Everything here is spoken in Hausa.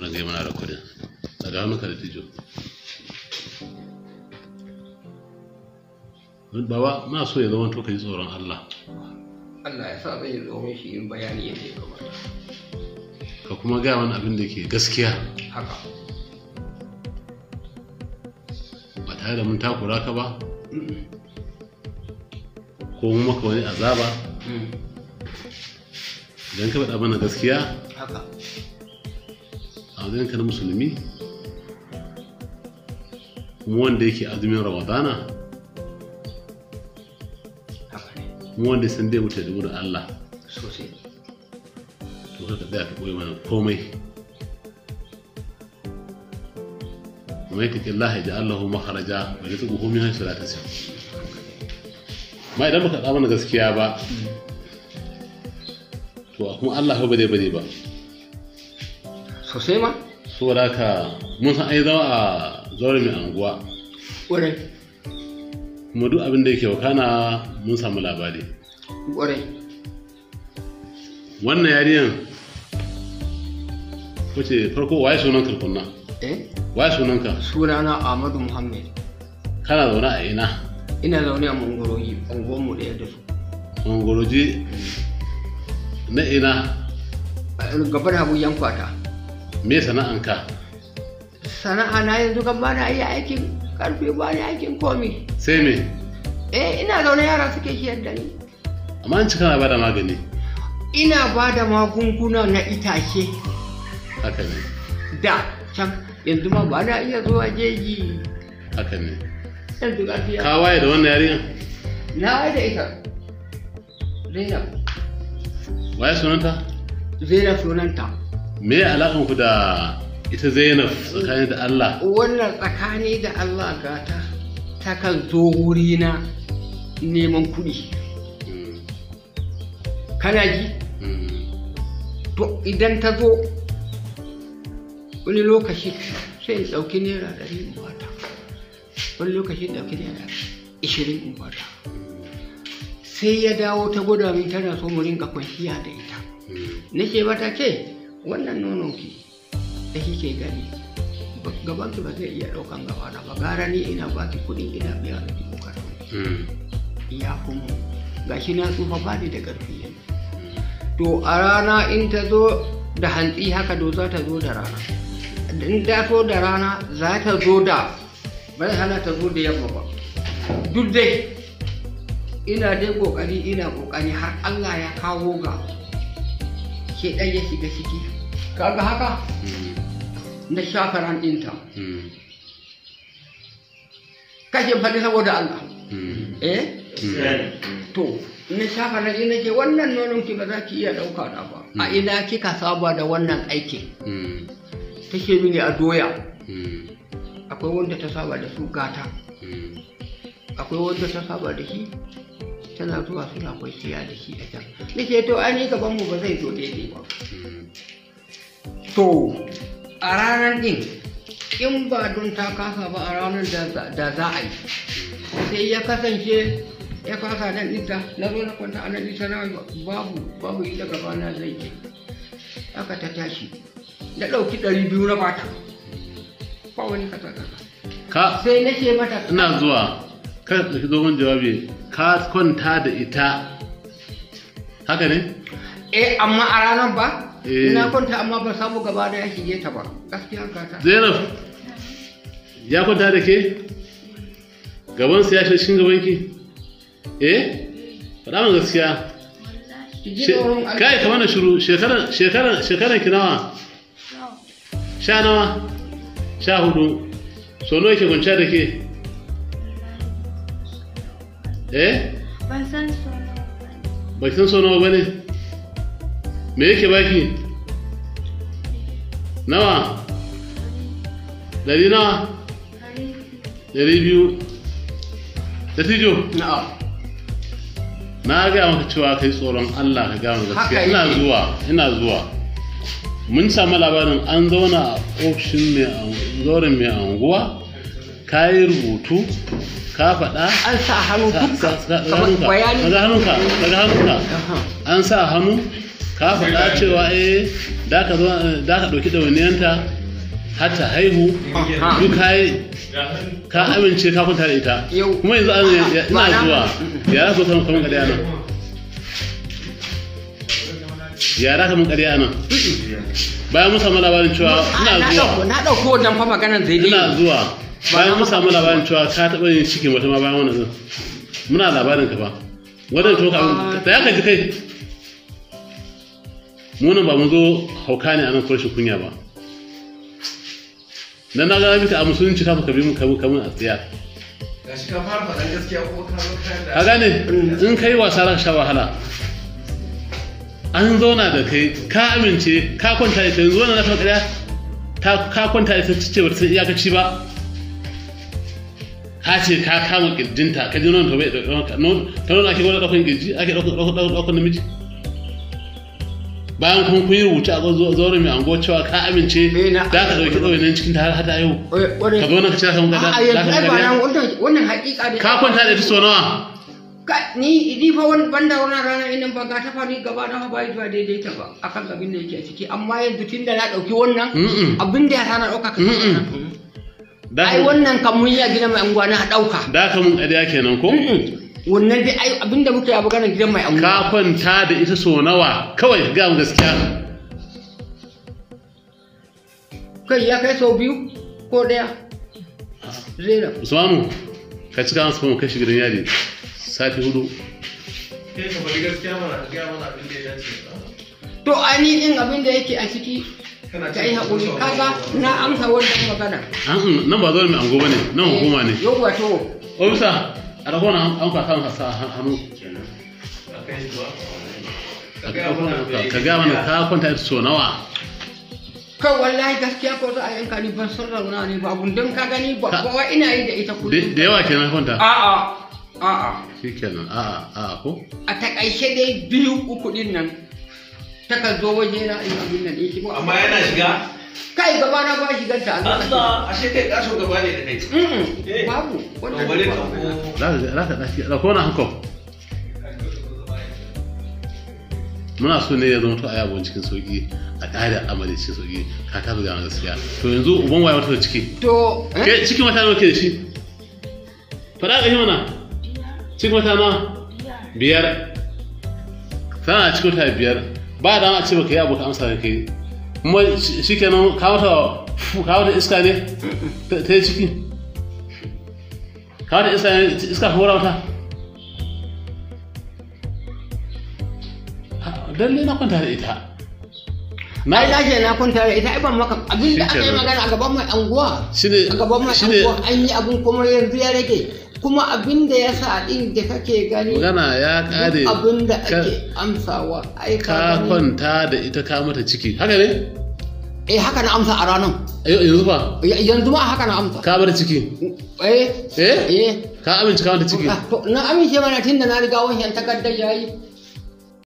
wani zai mana da kudin daga hannunka da tijo baba na so ya zama to ka yi tsoron allah allah ya sa zai shi yin bayani yadda ya kamata ka kuma gaya wani abin da ke gaskiya haka ba tare da mun takura ka ba ko mu maka wani azaba mm. idan ka faɗa mana gaskiya haka a wajen na musulmi kuma wanda yake azumin ramadana kuma wanda san dai wuce da wurin Allah to ka tsaya ta koyi mana komai kuma yake ke Allah ya ji Allah makaraja ba ya tuku homin hanshi za ta ce ma idan baka tsama na gaskiya ba to kuma Allah ba dai ba dai ba sosai ma saboda haka mun san ai zawa a zaure mai anguwa ƙwarai kuma duk abin da yake wakana mun samu labari ƙwarai wannan yariyan wace farko waye sunan karkunna eh waye sunanka sunana ahmadu muhammad kana zaune a ina ina zaune a mangoroji unguwar mu ɗaya da su mangoroji mm. na ina gabar habu yankwata me sana'anka sana'a na yanzu kan bana iya aikin karfi bana aikin komi sai me eh ina zaune yara suke shiyar da ni amma an cika na bada magani ina bada magunguna na itace haka ne da can yanzu ma ba na iya zuwa jeji haka ne yanzu karfiya ka waye da wannan yarinya na waye da ita Zainab. Waye sunanta? Zainab sunanta. me alakan ku da ita Zainab tsakani da Allah wannan tsakani da Allah gata takan zo wurina neman kuɗi mm. kana ji mm. to idan ta zo wani lokaci sai in ɗauki naira ɗari in bata wani lokaci in ɗauki naira ishirin in bata mm. sai ya dawo ta gwada min tana so mu rinka kwanciya da ita nake mata ke wannan nonon ki da kike gani gaban ki ba zai iya ɗaukan gaba na ba gara ni ina baki kuɗin ina biya da dubu kaɗan ya kuma hmm. gashi na tsufa ba da ƙarfi yanzu to a rana in ta zo da hantsi haka do za ta zo da rana in ta zo da rana za ta zo da zai hana ta zo da yamma ba duk dai ina dai kokari ina kokari har Allah ya kawo ga ɗan ya shiga ciki kaga haka hmm. na shakaran ɗinta hmm. kashe faɗi saboda Allah hmm. eh to na shakaran ɗin ce wannan nonon ki ba za ki iya ɗauka da ba a ina kika saba da wannan aikin ta ce mini a doya akwai wanda ta saba da su gata akwai wanda ta saba da shi tana zuwa suna kwanciya da shi a can nake to ai yi gaban mu ba zai zo daidai ba to a ranar din in ba don ta kasa ba a ranar da za a yi sai ya kasance ya kasa nan ita na zo na kwanta a nan ita na babu babu ita gaba na zai yi aka ta tashi na ɗauki ɗari biyu na bata ba wani kasa kasa sai nake mata ina zuwa ka zo jawabi ka kwanta da ita haka ne eh amma a ranar ba eh. ina kwanta amma ba samu gaba da ya shige ta ba gaskiya ka ta zainab ya kwanta da ke gaban sa ya shi shin gaban ki eh fada min gaskiya kai kamar na shiru shekaran shekaran shekaran ki nawa sha nawa sha hudu so nawa ke kwanciya da ke eh ban san sono ba san ba ne me yake baki nawa dari nawa dari biyu da tijo Na'a. na gaya maka cewa kai tsoron Allah ka gama gaskiya ina zuwa ina zuwa mun samu labarin an zauna a ofishin mai mai anguwa kayi rubutu ka faɗa an sa hannu duka daga hannunka daga hannunka an sa hannu ka faɗa cewa eh da ka ɗauki ɗawainiyanta har ta haihu duk ka ka amince ka kunta da ita kuma yanzu an ina zuwa yara ko samun kamar kaɗaya nan yara kamar kaɗaya nan bayan mun samu labarin cewa ina zuwa na ɗauko dan fa maganar zai ina zuwa bayan mun samu labarin cewa ka taɓa yin cikin wata ma bayan wannan zan muna labarin ka ba wadan to ka da kai ji kai munan ba mun zo hauka ne a nan kurshin kunya ba na na gara bika a musulunci kafin ka bi mu kabu kamun a tsiya gashi ka fara faɗan gaskiya ko ka zo ka ka gane in kai wasa za ka sha wahala an zauna da kai ka amince ka kwanta da kai yanzu wannan na ta ka kwanta da ta ce ba ta san iyakaci ba ka ce ka kama kirjinta ka ji nonon ta bai ɗauka ta nuna ake gwada ɗaukan kirji ake ɗaukan namiji bayan kun kun yi rubuce a zaure mai ango cewa ka amince da eh, ka ɗauki ɗauki cikin ta har yau ka zo nan ka ce za ka muka da ka ka kwanta da ita nawa ni ni fa wani banda wani rana inan ba ga ta fari gaba na ba ita daidai ta ba akan abin da yake a ciki amma yanzu tun da na ɗauki wannan abin da ya sanar ɗauka ka ai wannan kan mun yi a gidan mai anguwa na ɗauka da ka mun ƙarya kenan ko wannan dai ai abinda muka yi magana gidan mai anguwa ka kwanta da ita so nawa kawai ga mu gaskiya kai ya kai sau biyu ko ɗaya zera usmanu ka cika masu kuma kashi gidan yari sati hudu kai ka bari gaskiya mana gaya mana abin da ya dace to ainihin din abin da yake a ciki ta yi haƙuri kaga na amsa wannan magana nan ba zo mai ango bane nan eh, hukuma ne yau wato ofisa a rahoton an kwa kan hasa hannu ka ga mana ka kwanta so nawa kai wallahi gaskiya ko za a yanka ni ban san rauna ne ba don ka gani ba kowa ina yi da ita kullum da yawa kenan kwanta a'a a'a shikenan a'a a'a ko a takaice dai biyu uku din nan takan zo waje na abin nan yake eh, shigo amma yana shiga kai gaba na ba shigan ta Allah ashe kai kasho gaba ne da kai eh. babu wannan bare ka ko la ta la ko na hanko muna so ne ya zama to aya bon cikin sauki a ƙara amali cikin sauki ka ta zuga na gaskiya to yanzu uban waye wata da ciki to eh? ke cikin wata nawa ke da shi fara ga mana cikin wata nawa biyar sana cikin wata biyar ba da a ce baka yi abokan amsa da ke, kuma shi kenan ka wata iska ne ta yi ciki ka wata iska ne iska wura wata lalle na kwanta da ita na yi lashe na kwanta da ita iban maka abin da aka yi magana a gaban mai anguwa a gaban mai anguwa an yi abin kuma yanzu ya rage kuma abin da ya sa din da kake gani gana ya kare abin da ake amsawa ai ka kwanta da ita ka mata ciki haka ne eh haka na amsa a ranar yanzu ba yanzu ma haka na amsa ka bar ciki eh eh, eh. ka amince ka mata ciki ah, na amince mana tun da na riga wani yan takardar yayi